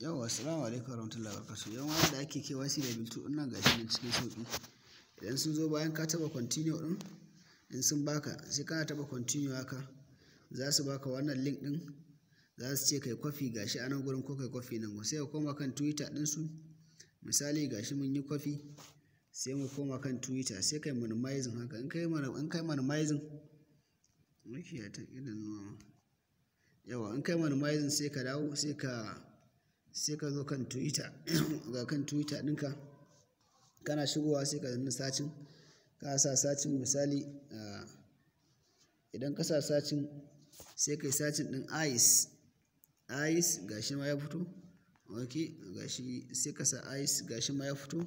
Yauwa, assalamu alaikum warahmatullahi wabarakatuh. Yan wani da ake KYC da bill ina ga shi gashi nan cikin sauki Idan sun zo bayan ka taɓa continue din in sun baka sai kana taɓa continue haka za su baka wannan link din za su ce kai kwafi gashi a nan gurin ko kai kwafi nan mu sai ka koma kan Twitter su misali gashi mun yi kwafi sai mu koma kan Twitter sai kai minimizing haka in kai in kai minimizing yawa in kai minimizing sai ka dawo sai ka sai ka zo kan twitter ga kan twitter ɗinka kana shigowa sai ka zanna sacin ka sa sacin misali ah, idan ka sa sacin sai ka yi sacin ɗin ice ice gashi ma ya fito ok gashi sai ka sa ice gashi ma ya fito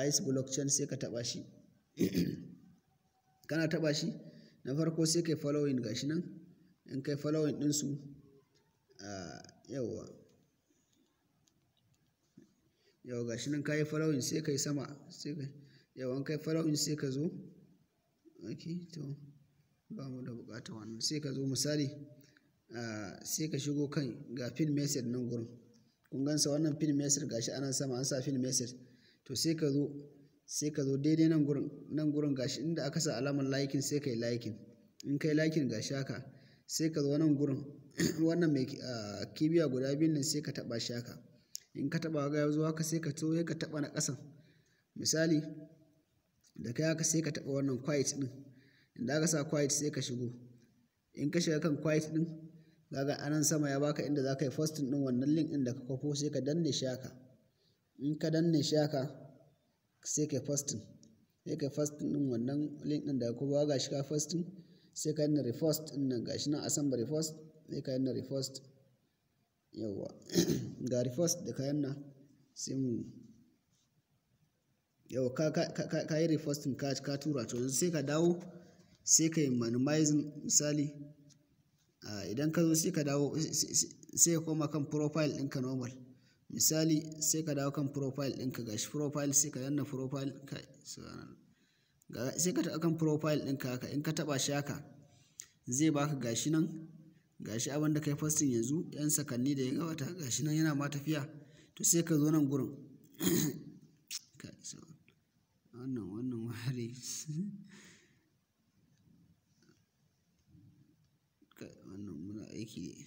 ice blockchain sai ka taɓa shi kana taɓa shi na farko sai ka yi following gashi nan in kai following ɗinsu ah, yawwa ga gashi nan ka yi farawin sai ka yi sama sai ka yau an kai farawin sai ka zo ok to ba mu da bukata wannan sai ka zo misali sai ka shigo kan ga fin message nan gurin kun gansa wannan fin message gashi anan sama an sa fin message to sai ka zo sai ka zo daidai nan gurin nan gurin gashi inda aka sa alamar liking sai ka yi liking in kai liking gashi haka sai ka zo nan gurin wannan mai kibiya guda biyun nan sai ka taba shi haka in ka taɓa ga zuwa zo haka sai ka toye ka taɓa na ƙasan misali da kai haka sai ka taɓa wannan quiet ɗin inda aka sa quiet sai ka shigo in ka shiga kan quiet ɗin kaga anan sama ya baka inda za ka yi posting ɗin wannan link ɗin da ka kwafo sai ka danne shi haka in ka danne shi haka sai ka yi posting sai ka yi posting ɗin wannan link ɗin da ka kwafo ga shi ka posting sai ka yi na repost ɗin nan gashi nan a san repost sai ka yi na repost Yauwa ga reverse da kayan nan sai mu yauwa ka, ka, ka, yi reposting ka, ka tura to yanzu sai ka dawo sai ka yi minimizing misali idan ka zo sai ka dawo sai ka koma kan profile ɗinka normal misali sai ka dawo kan profile ɗinka gashi profile sai ka danna profile sai ka taɓa kan profile ɗinka haka in ka taɓa shi haka zai baka gashi nan gashi abin da kai fastin yanzu 'yan sakanni da ya gabata gashi nan yana ma tafiya to sai ka zo nan gurin wannan wannan ware wannan muna aiki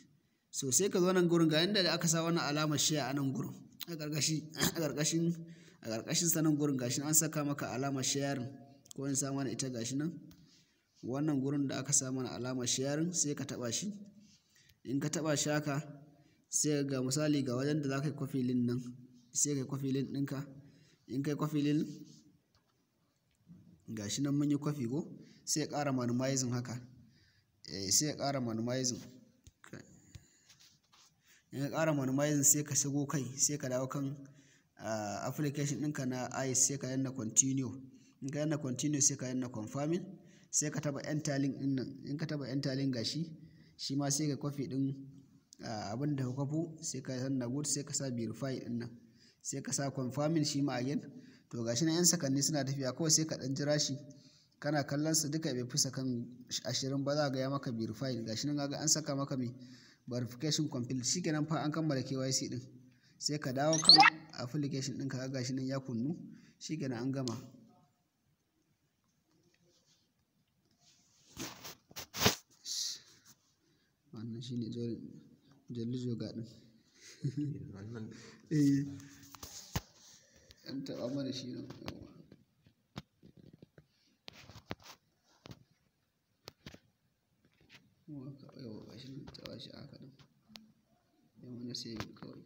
so sai ka zo nan gurin ga inda da aka sa wannan alamar shi a nan gurin a ƙarƙashin a ƙarƙashin a ƙarƙashin sa nan gurin gashi an saka maka alamar sharing ko in sa mana ita gashi nan wannan gurin da aka sa mana alamar sharing sai ka taɓa shi in ka taɓa shaka, sai ga misali ga wajen da za ka yi kwafilin nan sai ka yi kwafilin ɗinka in ka yi kwafilin ga shi nan mun yi kwafi ko sai ya ƙara minimizing haka eh, sai ya ƙara minimizing in ka ƙara minimizing sai ka shigo kai sai ka dawo kan ah, application ɗinka na ice sai ka yanna continue in ka yanna continue sai ka yanna confirming sai ka taba enter link ɗin nan in ka taba enter link gashi shi ma sai ka kwafi ɗin ah, abin da ka kwafo sai ka sanna good sai ka sa verify ɗin nan sai ka sa confirming shi ma again to gashi na 'yan sakanni suna tafiya kawai sai ka ɗan jira shi kana kallon su duka bai fi kan ashirin ba za ga ya maka verify gashi nan ga an saka maka mai verification complete kenan fa an kammala KYC din sai ka dawo kan application kaka ga gashi nan ya kunnu kenan an gama shi ne Jalli Joga ɗin. Eh, eh, an taɓa mana shi nan yauwa. Yauwa gashi nan taɓa shi a haka ɗin. Yayi mana kawai.